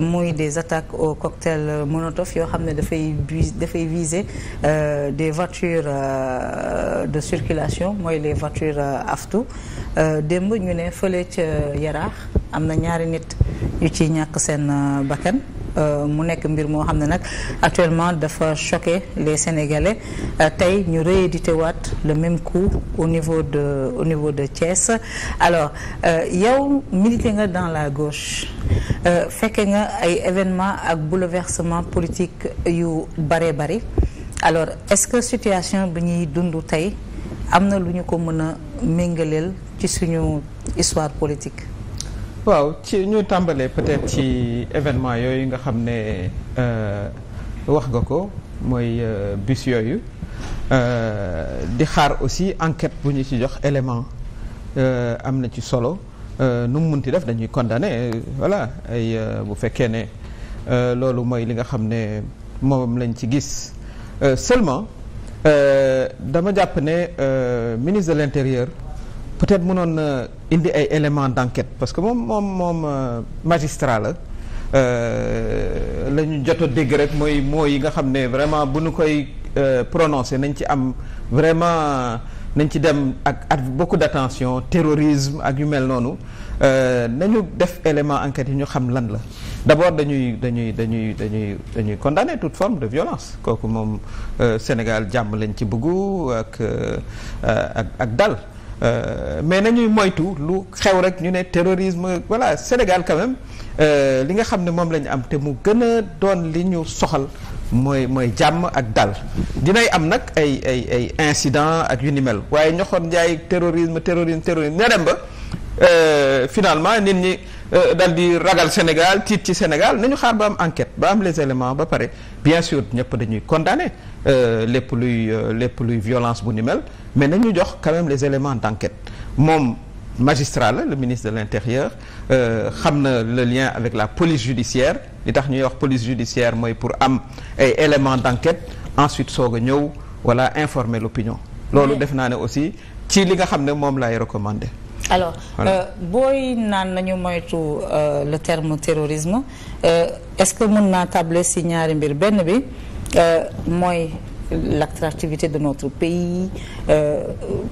muy des attaques au cocktail Molotov yoo xam ne dafay dafay viser euh, des voitures euh, de circulation mooy les voitures euh, aftu démb ñu ne fële ca Yaraax am na ñaari nit yu ci ñàkk seen bakkan Euh, mu nekk mbir moo xam na nag actuellement dafa choqué les sénégalais euh, tey ñu réédité waat le même coup au niveau de au niveau de Thiès alors euh, yow milité nga dans la gauche fekke nga ay événement ak bouleversement politique yu bare bari alors est-ce que situation bi ñuy dund tey am na lu ñu ko mën a méngaleel ci suñu histoire politique waaw ci ñu tàmbalee peut-être ci événement yooyu nga xam ne euh, wax nga ko mooy euh, bus yooyu euh, di xaar aussi enquête bu ñu ci jox élément am na ci solo nu mu munti def dañuy condamné voilà ay bu fekkee ne loolu mooy li nga xam ne moom lañ ci gis seulement dama jàpp ne ministre de l'intérieur peut-être mënoon euh, indi ay éléments d'enquête parce que moom moom moom euh, magistrat la euh, la ñu jot a dégg rek mooy moo yi nga xam ne vraiment bu nu koy prononcer nañ ci am vraiment nañ ci dem ak ak beaucoup d'attention terrorisme ak yu mel noonu nañu def élément enquête yi ñu xam lan la d'abord dañuy dañuy dañuy dañuy dañuy condamner toute forme de violence kooku moom Sénégal jàmm lañ ci bëggu ak ak dal Euh, mais nañuy moytu lu xew rek ñu ne terrorisme voilà Sénégal quand même euh, li nga xam ne moom la ñu am te mu gën a doon li ñu soxal mooy mooy jàmm ak dal dinay am nag ay ay ay incident ak yu ni mel waaye ñoxoon njaay terrorisme terrorisme terrorisme ña dem ba euh, finalement nit ñi Euh, daal di ragal Sénégal tiit ci Sénégal nañu xaar ba am enquête ba am les éléments ba pare bien sûr ñëpp dañuy condamner euh, lépp luy euh, lépp luy violence bu ni mel mais nañu jox quand même les éléments d'enquête moom magistrat la le ministre de l'intérieur xam na le lien avec la police judiciaire li tax ñuy wax police judiciaire mooy pour am ay éléments d'enquête ensuite soog a ñëw wala informer l'opinion loolu def naa ne aussi ci li nga xam ne moom lay recommander alors euh, booy naan nañu moytu euh, le terme terrorisme euh, est-ce que mën naa tabler si ñaari mbir benn bi euh, mooy l'attractivité de notre pays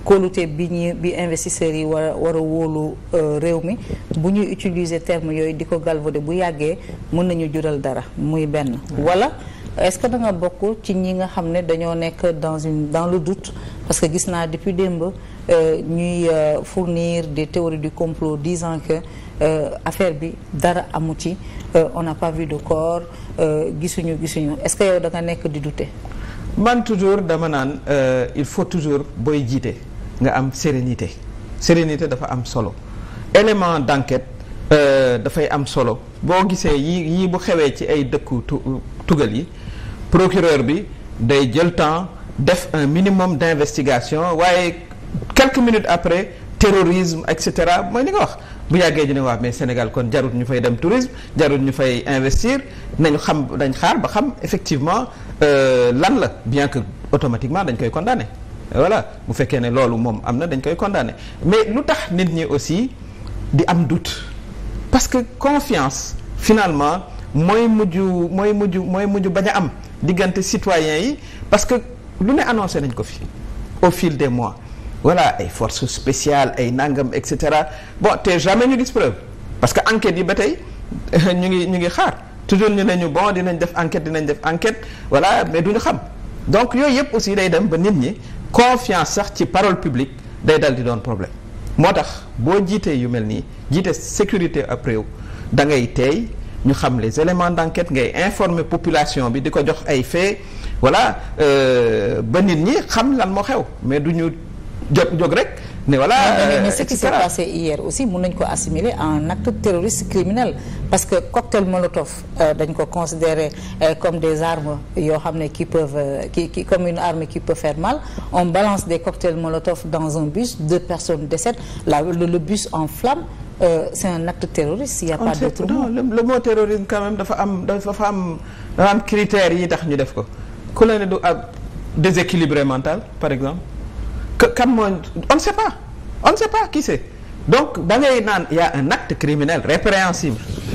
kóolute bi ñu bi investisseurs yi war a war a wóolu réew mi bu ñuy utiliser terme yooyu di ko galvaudé bu yàggee mën nañu jural dara muy benn wala est-ce que da bokk ci ñi nga xam ne dañoo nekk dans une dans le doute parce que gis naa depuis démb euh, ñuy euh, fournir des théories du complot disant que euh, affaire bi dara amu ci on n'a pas vu de corps gisuñu gisuñu est-ce que nekk di douter. man toujours dama naan il faut toujours booy jiite nga am sérénité sérénité dafa am solo élément d'enquête dafay am solo boo gisee yi yi bu xewee ci ay dëkku tu tugal yi procureur bi day jël temps. def un minimum d'investigation waaye quelques minutes après terrorisme et cetera mooy ni nga wax bu yàggee ñu ne waa mais Sénégal kon jarut ñu fay dem tourisme jarut ñu fay investir nañu xam dañ xaar ba xam effectivement euh, lan la bien que automatiquement dañ koy condamné voilà bu fekkee ne loolu moom am na dañ koy condamné mais lu tax nit ñi aussi di am doute parce que confiance finalement mooy mujj mooy mujj mooy mujj bañ a am diggante citoyens yi parce lu ne annoncé nañ ko fi au fil des mois voilà ay force spéciale ay nangam et cetera bon te jamais ñu gis preuve parce que enquête yi ba tey ñu ngi ñu ngi xaar toujours ñu ne ñu bon dinañ def enquête dinañ def enquête voilà mais duñu xam donc yooyu yëpp aussi day dem ba nit ñi confiance sax ci parole publique day dal di doon problème moo tax boo jiitee yu mel nii jiite sécurité après da ngay teey ñu xam les éléments d'enquête ngay informer population bi di ko jox ay faits voilà euh, ba nit ñi xam lan moo xew mais du ñu jóg jóg rek. ne voilà mais euh, ce qui s'est passé hier aussi mun nañ ko assimiler à un acte terroriste criminel parce que cocktail molotov euh, dañ ko considérer comme des armes yoo xam ne qui peuvent qui qui comme une arme qui peut faire mal on balance des cocktails molotov dans un bus deux personnes décèdent la le bus en flamme euh, c'est un acte terroriste il y a on pas d'autre mot. terrorisme quand dafa am dafa am dafa am critères yi tax ñu def ko ku la ne du ab déséquilibré mental par exemple que kan moo on ne sait pas on ne sait naan y a un acte criminel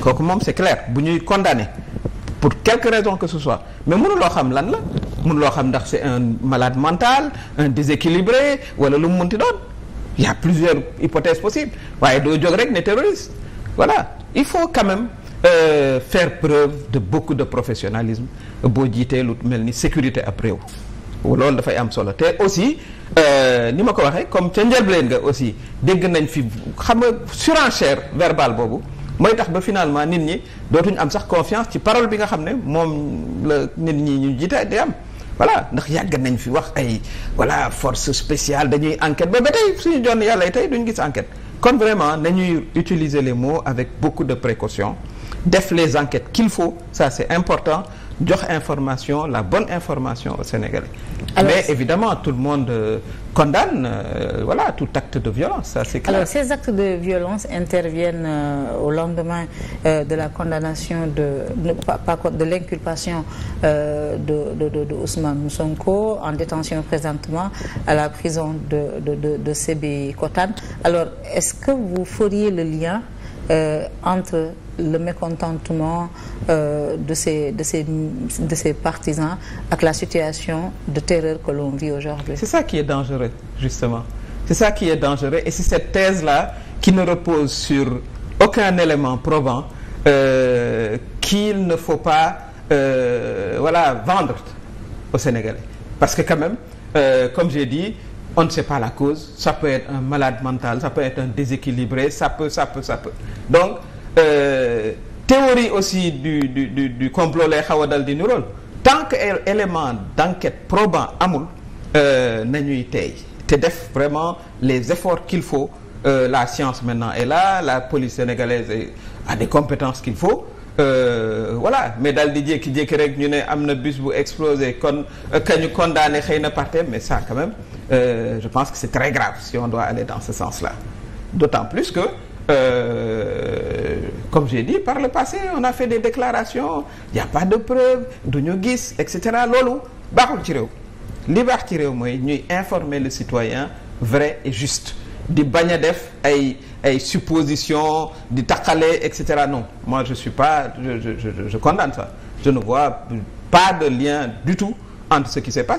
kooku moom c'est clair bu ñuy condamné pour quelque raison que ce soit mais loo xam lan la loo xam ndax c'est un malade mental un déséquilibré wala lu mu munti doon yaa y a plusieurs hypothèses possibles waaye doo jog rek ne terroriste voilà il faut quand même euh, faire preuve de beaucoup de professionalisme boo jiitee lu mel ni sécurité ab réew loolu dafay am solo te aussi euh, ni ma ko waxee comme ca njëlbeen nga aussi dégg nañ fi xam nga surenchère verbale boobu mooy tax ba finalement nit ñi dootuñ am sax confiance ci parole bi nga xam ne moom la nit ñi ñu jiite di am voilà ndax yàgg nañ fi wax ay voilà force spéciale dañuy enquête ba ba tey suñu jonn yàlla tey duñ gis enquête kon vraiment nañuy utiliser les mots avec beaucoup de précaution def les enquêtes qu'il faut ça c'est important jox information la bonne information aux Sénégalais. Alors, mais évidemment tout le monde euh, condamne euh, voilà tout acte de violence ça c'est clair. Alors ces actes de violence interviennent euh, au lendemain euh, de la condamnation de pas pas de l'inculpation euh, de de de de Ousmane Sonko en détention présentement à la prison de de de de Sébikotane. Alors est-ce que vous feriez le lien Euh, entre le mécontentement euh, de ces de ces de ces partisans ak la situation de terreur que l'on vit aujourd'hui c'est ça qui est dangereux justement c'est ça qui est dangereux et c'est cette thèse là qui ne repose sur aucun élément probant euh, qu'il ne faut pas euh, voilà vendre aux Sénégalais parce que quand même euh, comme j'ai dit on ne sait pas la cause ça peut être un malade mental ça peut être un déséquilibré ça peut ça peut donc euh, théorie aussi du du du du complot lay xaw a dal di niróol tant que élément d'enquête probant amul euh, nañuy tey te def vraiment les efforts qu'il faut euh, la science maintenant est là la police sénégalaise a des compétences qu'il faut Euh, voilà mais daal di jékki-jékki rek ñu ne am na bus bu explosé kon ka euh, ñu condamné xëy na parte mais ça quand même euh, je pense que c'est très grave si on doit aller dans ce sens-là d'autant plus que Euh, comme j'ai dit par le passé on a fait des déclarations il y a pas de preuve du ñu gis et cetera loolu baaxul ci réew li baax ci réew mooy ñuy informer le citoyen vrai et juste di bañ a def ay ay suppositions di taqale et cetera non moi je suis pas je je je je condamne ça je ne vois pas de lien du tout entre ce qui s'est passé